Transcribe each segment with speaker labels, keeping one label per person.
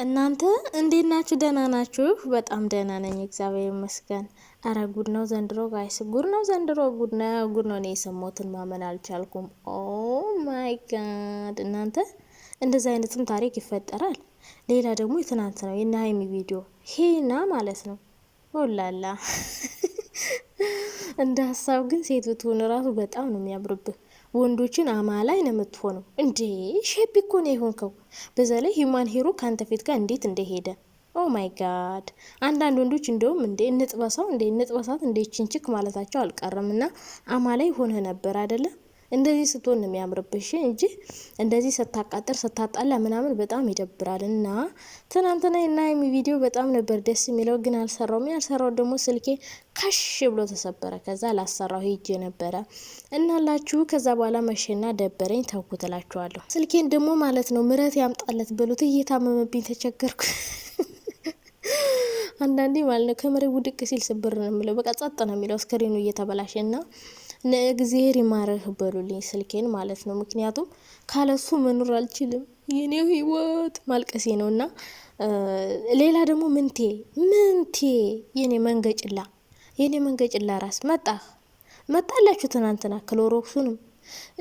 Speaker 1: እናንተ እንዴት ናችሁ? ደህና ናችሁ? በጣም ደህና ነኝ፣ እግዚአብሔር ይመስገን። አረ ጉድ ነው ዘንድሮ ጋይስ፣ ጉድ ነው ዘንድሮ፣ ጉድ ነው፣ ጉድ ነው። እኔ የሰማሁትን ማመን አልቻልኩም። ኦ ማይ ጋድ! እናንተ እንደዚ አይነትም ታሪክ ይፈጠራል። ሌላ ደግሞ የትናንት ነው የእነ ሀይሚ ቪዲዮ ሄና ማለት ነው። ኦላላ እንደ ሀሳብ ግን ሴት ብትሆን ራሱ በጣም ነው የሚያምርብህ ወንዶችን አማላይ ነው የምትሆነው እንዴ! ሼፕ እኮ ነው የሆንከው። በዛ ላይ ሂማን ሂሮ ከአንተ ፊት ጋር እንዴት እንደሄደ ኦ ማይ ጋድ! አንዳንድ ወንዶች እንደውም እንደ እንጥበሳው እንደ እንጥበሳት እንደ ችንችክ ማለታቸው አልቀረም እና አማላይ ሆነ ነበር አይደለም። እንደዚህ ስትሆን ነው የሚያምርብሽ እንጂ እንደዚህ ስታቃጥር ስታጣላ ምናምን በጣም ይደብራል። እና ትናንትና እና የሚ ቪዲዮ በጣም ነበር ደስ የሚለው ግን አልሰራውም። ያልሰራው ደግሞ ስልኬ ካሽ ብሎ ተሰበረ። ከዛ ላሰራው ሄጄ ነበረ እናላችሁ። ከዛ በኋላ መሸና ደበረኝ ተውኩት እላችኋለሁ። ስልኬን ደግሞ ማለት ነው ምረት ያምጣለት ብሎት እየታመመብኝ ተቸገርኩ። አንዳንዴ ማለት ነው ከመሬ ውድቅ ሲል ስብር ነው የሚለው። በቃ ጸጥ ነው የሚለው ስክሪኑ እየተበላሸ ና እግዚአብሔር ይማረህ በሉልኝ ስልኬን ማለት ነው። ምክንያቱም ካለሱ መኖር አልችልም። የኔው ህይወት ማልቀሴ ነው እና ሌላ ደግሞ ምንቴ ምንቴ የኔ መንገጭላ የኔ መንገጭላ ራስ መጣ መጣላችሁ ትናንትና ክሎሮክሱንም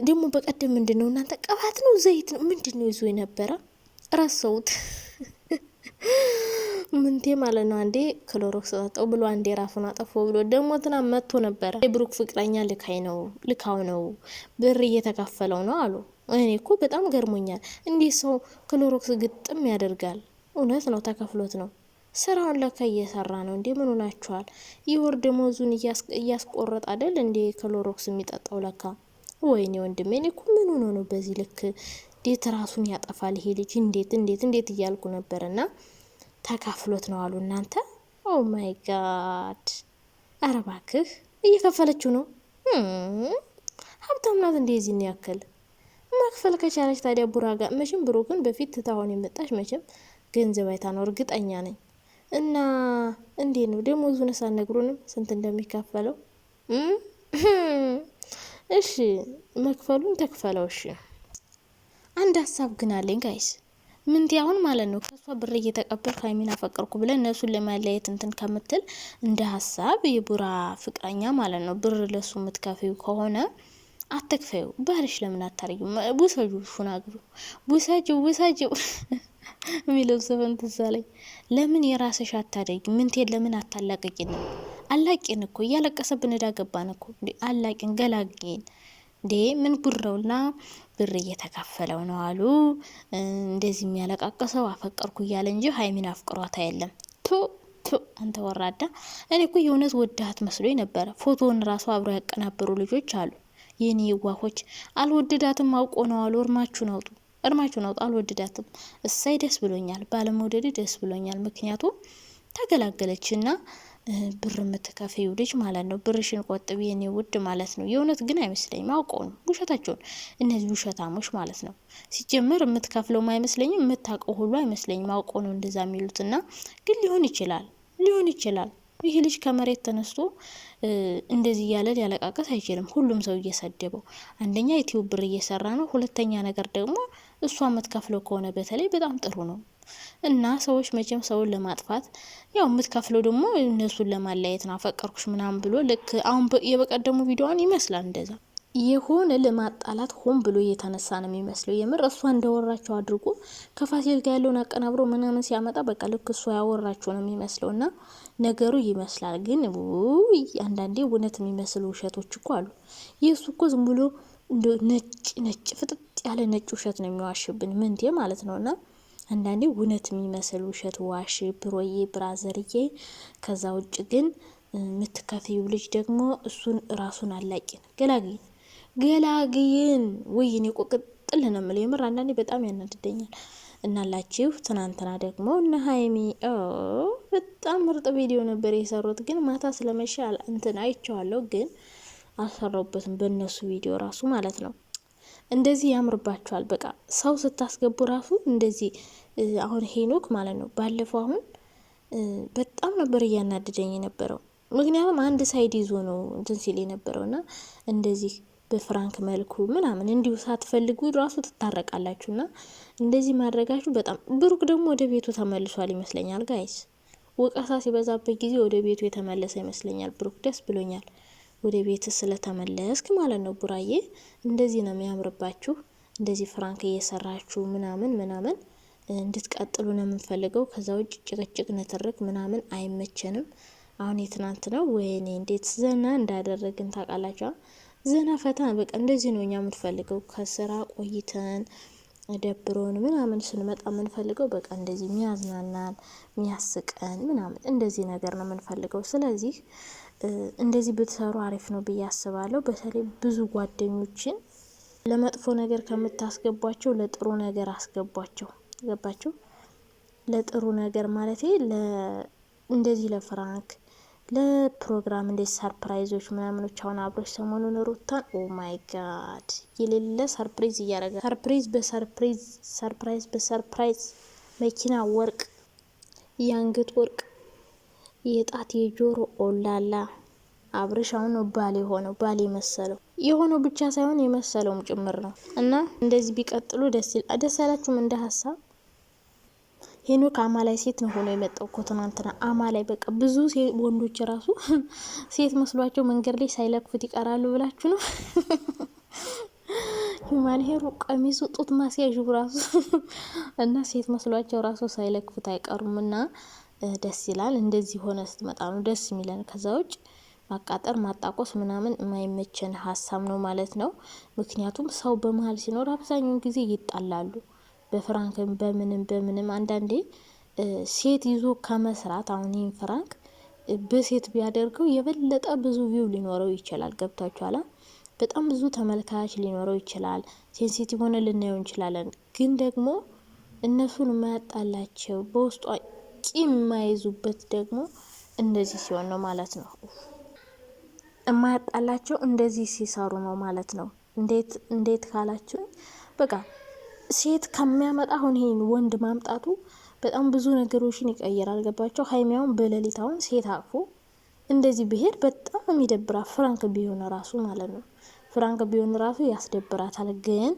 Speaker 1: ደግሞ በቀደም ምንድን ነው እናንተ ቅባት ነው ዘይት ነው ምንድን ነው ይዞ የነበረ ረሰውት ምንቴ ማለት ነው። አንዴ ክሎሮክስ ጠጠው ብሎ አንዴ ራሱን አጠፎ ብሎ ደግሞ ትናንት መጥቶ ነበረ። የብሩክ ፍቅረኛ ልካይ ነው ልካው ነው ብር እየተካፈለው ነው አሉ። እኔ እኮ በጣም ገርሞኛል። እንዲህ ሰው ክሎሮክስ ግጥም ያደርጋል? እውነት ነው ተከፍሎት ነው ስራውን ለካ እየሰራ ነው እንዴ? ምን ሆናችኋል? የወር ደመወዙን እያስቆረጥ አደል እንዴ ክሎሮክስ የሚጠጣው ለካ። ወይኔ ወንድሜ እኔ እኮ ምን ሆኖ ነው በዚህ ልክ እንዴት ራሱን ያጠፋል ይሄ ልጅ? እንዴት እንዴት እንዴት እያልኩ ነበርና ተካፍሎት ነው አሉ። እናንተ ኦ ማይ ጋድ! ኧረ እባክህ እየከፈለችው ነው። ሀብታም ናት እንዴ የዚህን ያክል መክፈል ከቻለች ታዲያ ቡራ ጋር መቼም ብሩክን በፊት ትታሆን የመጣች መቼም ገንዘብ አይታ ነው እርግጠኛ ነኝ። እና እንዴ ነው ደሞዙን ሳትነግሩንም ስንት እንደሚከፈለው? እሺ መክፈሉን ተክፈለው። እሺ አንድ ሀሳብ ግን አለኝ ጋይስ ምንቲ አሁን ማለት ነው ከእሷ ብር እየተቀበል ሀይሚን አፈቀርኩ ብለ እነሱን ለመለየት እንትን ከምትል እንደ ሀሳብ የቡራ ፍቅረኛ ማለት ነው ብር ለሱ የምትከፊው ከሆነ አትክፈዩ። ባህልሽ ለምን አታርዩ? ቡሰጁ ሹናግሩ ቡሰጁ ቡሰጁ የሚለው ዘፈን ትዝ አለኝ። ለምን የራስሽ አታደርጊ? ምንቴን ለምን አታላቅቂን? አላቂን እኮ እያለቀሰብን እዳገባን እኮ አላቂን ገላግኝ እንዴ ምን ጉድ ነው? እና ብር እየተካፈለው ነው አሉ። እንደዚህ የሚያለቃቀሰው አፈቀርኩ እያለ እንጂ ሀይሚን አፍቅሯት አየለም። ቱ ቱ አንተ ወራዳ! እኔ እኮ የእውነት ወዳት መስሎኝ ነበረ። ፎቶን ራሱ አብረው ያቀናበሩ ልጆች አሉ። የኔ ዋሆች አልወደዳትም፣ አውቆ ነው አሉ። እርማችሁን አውጡ፣ እርማችሁን አውጡ። አልወደዳትም። እሳይ ደስ ብሎኛል፣ ባለመውደድ ደስ ብሎኛል። ምክንያቱም ተገላገለች እና ብር የምትከፍይው ልጅ ማለት ነው። ብርሽን ቆጥቢ የኔ ውድ ማለት ነው። የእውነት ግን አይመስለኝም፣ አውቀው ነው ውሸታቸውን፣ እነዚህ ውሸታሞች ማለት ነው። ሲጀመር የምትከፍለውም አይመስለኝም፣ የምታውቀው ሁሉ አይመስለኝም፣ አውቀው ነው እንደዛ የሚሉትና። ግን ሊሆን ይችላል፣ ሊሆን ይችላል። ይህ ልጅ ከመሬት ተነስቶ እንደዚህ እያለ ሊያለቃቀስ አይችልም። ሁሉም ሰው እየሰደበው አንደኛ ዩቲዩብ ብር እየሰራ ነው። ሁለተኛ ነገር ደግሞ እሷ የምትከፍለው ከሆነ በተለይ በጣም ጥሩ ነው። እና ሰዎች መቼም ሰውን ለማጥፋት ያው የምትከፍለው ደግሞ እነሱን ለማለያየት ነው። አፈቀርኩሽ ምናምን ብሎ ልክ አሁን የበቀደሙ ቪዲዮዋን ይመስላል እንደዛ የሆነ ለማጣላት ሆን ብሎ እየተነሳ ነው የሚመስለው። የምር እሷ እንደወራቸው አድርጎ ከፋሲል ጋር ያለውን አቀናብሮ ምናምን ሲያመጣ በቃ ልክ እሷ ያወራቸው ነው የሚመስለው እና ነገሩ ይመስላል። ግን አንዳንዴ እውነት የሚመስሉ ውሸቶች እኮ አሉ። የእሱ እኮ ዝም ብሎ ነጭ ነጭ ፍጥጥ ያለ ነጭ ውሸት ነው የሚዋሽብን ምንዴ ማለት ነው እና አንዳንዴ እውነት የሚመስል ውሸት ዋሽ ብሮዬ ብራዘርዬ። ከዛ ውጭ ግን የምትከፍዩ ልጅ ደግሞ እሱን ራሱን አላቂን ገላግይን ገላግይን ውይን የቆቅጥል ነው የምለው የምር አንዳንዴ በጣም ያናድደኛል። እናላችሁ ትናንትና ደግሞ እነ ሀይሚ በጣም ምርጥ ቪዲዮ ነበር የሰሩት። ግን ማታ ስለመሻል እንትን አይቼዋለሁ፣ ግን አልሰራሁበትም በእነሱ ቪዲዮ ራሱ ማለት ነው። እንደዚህ ያምርባቸዋል። በቃ ሰው ስታስገቡ ራሱ እንደዚህ አሁን ሄኖክ ማለት ነው። ባለፈው አሁን በጣም ነበር እያናደደኝ የነበረው ምክንያቱም አንድ ሳይድ ይዞ ነው እንትን ሲል የነበረው እና እንደዚህ በፍራንክ መልኩ ምናምን እንዲሁ ሳትፈልጉ ራሱ ትታረቃላችሁ። እና እንደዚህ ማድረጋችሁ በጣም ብሩክ ደግሞ ወደ ቤቱ ተመልሷል ይመስለኛል። ጋይስ ወቀሳ ሲበዛበት ጊዜ ወደ ቤቱ የተመለሰ ይመስለኛል ብሩክ። ደስ ብሎኛል። ወደ ቤት ስለተመለስክ ማለት ነው ቡራዬ። እንደዚህ ነው የሚያምርባችሁ። እንደዚህ ፍራንክ እየሰራችሁ ምናምን ምናምን እንድትቀጥሉ ነው የምንፈልገው። ከዛ ውጭ ጭቅጭቅ፣ ንትርክ ምናምን አይመቸንም። አሁን የትናንት ነው ወይኔ እንዴት ዘና እንዳደረግን ታውቃላችሁ። ዘና ፈታ በቃ እንደዚህ ነው እኛ የምንፈልገው። ከስራ ቆይተን ደብሮን ምናምን ስንመጣ የምንፈልገው በቃ እንደዚህ የሚያዝናናን የሚያስቀን ምናምን እንደዚህ ነገር ነው የምንፈልገው። ስለዚህ እንደዚህ ብትሰሩ አሪፍ ነው ብዬ አስባለሁ። በተለይ ብዙ ጓደኞችን ለመጥፎ ነገር ከምታስገቧቸው ለጥሩ ነገር አስገቧቸው። ገባቸው? ለጥሩ ነገር ማለት እንደዚህ ለፍራንክ ለፕሮግራም እንደዚህ ሰርፕራይዞች ምናምኖች አሁን አብሮች ሰሞኑን ሩታን ኦ ማይ ጋድ የሌለ ሰርፕሪዝ እያደረገ ሰርፕሪዝ በሰርፕሪዝ ሰርፕራይዝ በሰርፕራይዝ መኪና፣ ወርቅ፣ የአንገት ወርቅ የጣት የጆሮ ኦላላ ነው ባል የሆነው ባል የመሰለው የሆነው ብቻ ሳይሆን የመሰለውም ጭምር ነው። እና እንደዚህ ቢቀጥሉ ደስ ይላል። ደስ ያላችሁም እንደ ሀሳብ ሄኖክ አማላይ ሴት ነው ሆኖ የመጣው እኮ ትናንትና። አማላይ በቃ ብዙ ወንዶች ራሱ ሴት መስሏቸው መንገድ ላይ ሳይለክፉት ይቀራሉ ብላችሁ ነው። ሄሩ ቀሚሱ ጡት ማስያዥ ራሱ እና ሴት መስሏቸው ራሱ ሳይለክፉት አይቀሩም እና ደስ ይላል። እንደዚህ ሆነ ስትመጣ ነው ደስ የሚለን። ከዛ ውጭ ማቃጠር ማጣቆስ ምናምን የማይመቸን ሀሳብ ነው ማለት ነው። ምክንያቱም ሰው በመሀል ሲኖር አብዛኛውን ጊዜ ይጣላሉ። በፍራንክም በምንም በምንም አንዳንዴ ሴት ይዞ ከመስራት አሁን ይህን ፍራንክ በሴት ቢያደርገው የበለጠ ብዙ ቪው ሊኖረው ይችላል። ገብቷችኋል? በጣም ብዙ ተመልካች ሊኖረው ይችላል። ሴንሲቲቭ ሆነ ልናየው እንችላለን። ግን ደግሞ እነሱን የማያጣላቸው በውስጧ ቂም የማይዙበት ደግሞ እንደዚህ ሲሆን ነው ማለት ነው። የማያጣላቸው እንደዚህ ሲሰሩ ነው ማለት ነው። እንዴት እንዴት ካላችሁኝ በቃ ሴት ከሚያመጣ አሁን ይሄን ወንድ ማምጣቱ በጣም ብዙ ነገሮችን ይቀይራል። ገባቸው ሀይሚያውን በሌሊት አሁን ሴት አቅፎ እንደዚህ ብሄድ በጣም የሚደብራ ፍራንክ ቢሆን ራሱ ማለት ነው። ፍራንክ ቢሆን ራሱ ያስደብራታል ግን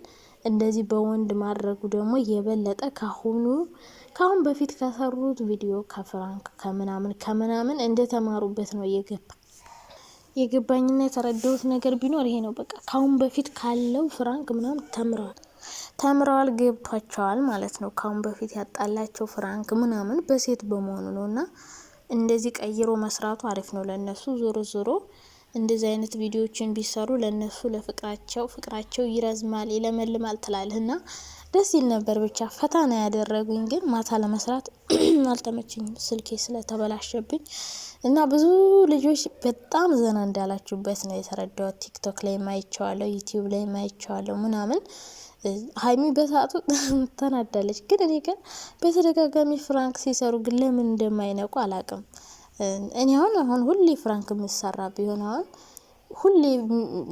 Speaker 1: እንደዚህ በወንድ ማድረጉ ደግሞ የበለጠ ካሁኑ ካሁን በፊት ከሰሩት ቪዲዮ ከፍራንክ ከምናምን ከምናምን እንደተማሩበት ነው የገባ የገባኝና የተረዳሁት ነገር ቢኖር ይሄ ነው። በቃ ካሁን በፊት ካለው ፍራንክ ምናምን ተምረዋል ተምረዋል ገብቷቸዋል ማለት ነው። ካሁን በፊት ያጣላቸው ፍራንክ ምናምን በሴት በመሆኑ ነው እና እንደዚህ ቀይሮ መስራቱ አሪፍ ነው ለእነሱ ዞሮ ዞሮ እንደዚህ አይነት ቪዲዮዎችን ቢሰሩ ለእነሱ ለፍቅራቸው ፍቅራቸው ይረዝማል ይለመልማል ትላለህ እና ደስ ይል ነበር። ብቻ ፈታ ነው ያደረጉኝ። ግን ማታ ለመስራት አልተመችኝም ስልኬ ስለተበላሸብኝ እና ብዙ ልጆች በጣም ዘና እንዳላችሁበት ነው የተረዳሁት። ቲክቶክ ላይ ማይቸዋለሁ፣ ዩቲዩብ ላይ ማይቸዋለሁ ምናምን ሀይሚ በሰዓቱ ተናዳለች። ግን እኔ ግን በተደጋጋሚ ፍራንክ ሲሰሩ ግን ለምን እንደማይነቁ አላቅም። እኔ አሁን አሁን ሁሌ ፍራንክ የምሰራ ቢሆን አሁን ሁሌ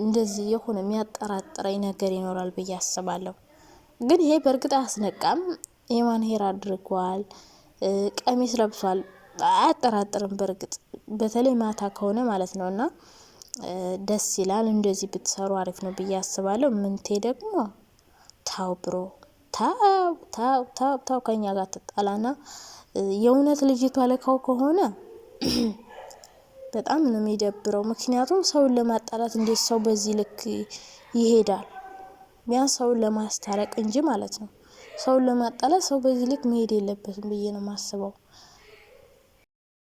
Speaker 1: እንደዚህ የሆነ የሚያጠራጥረኝ ነገር ይኖራል ብዬ አስባለሁ። ግን ይሄ በእርግጥ አያስነቃም። የማን ሄር አድርጓል፣ ቀሚስ ለብሷል፣ አያጠራጥርም። በእርግጥ በተለይ ማታ ከሆነ ማለት ነው እና ደስ ይላል። እንደዚህ ብትሰሩ አሪፍ ነው ብዬ አስባለሁ። ምንቴ ደግሞ ታው ብሮ ታው ታው ታው ታው ከኛ ጋር ትጣላና የእውነት ልጅቷ ለካው ከሆነ በጣም ነው የሚደብረው። ምክንያቱም ሰውን ለማጣላት እንዴት ሰው በዚህ ልክ ይሄዳል? ቢያንስ ሰውን ለማስታረቅ እንጂ ማለት ነው። ሰውን ለማጣላት ሰው በዚህ ልክ መሄድ የለበትም ብዬ ነው የማስበው።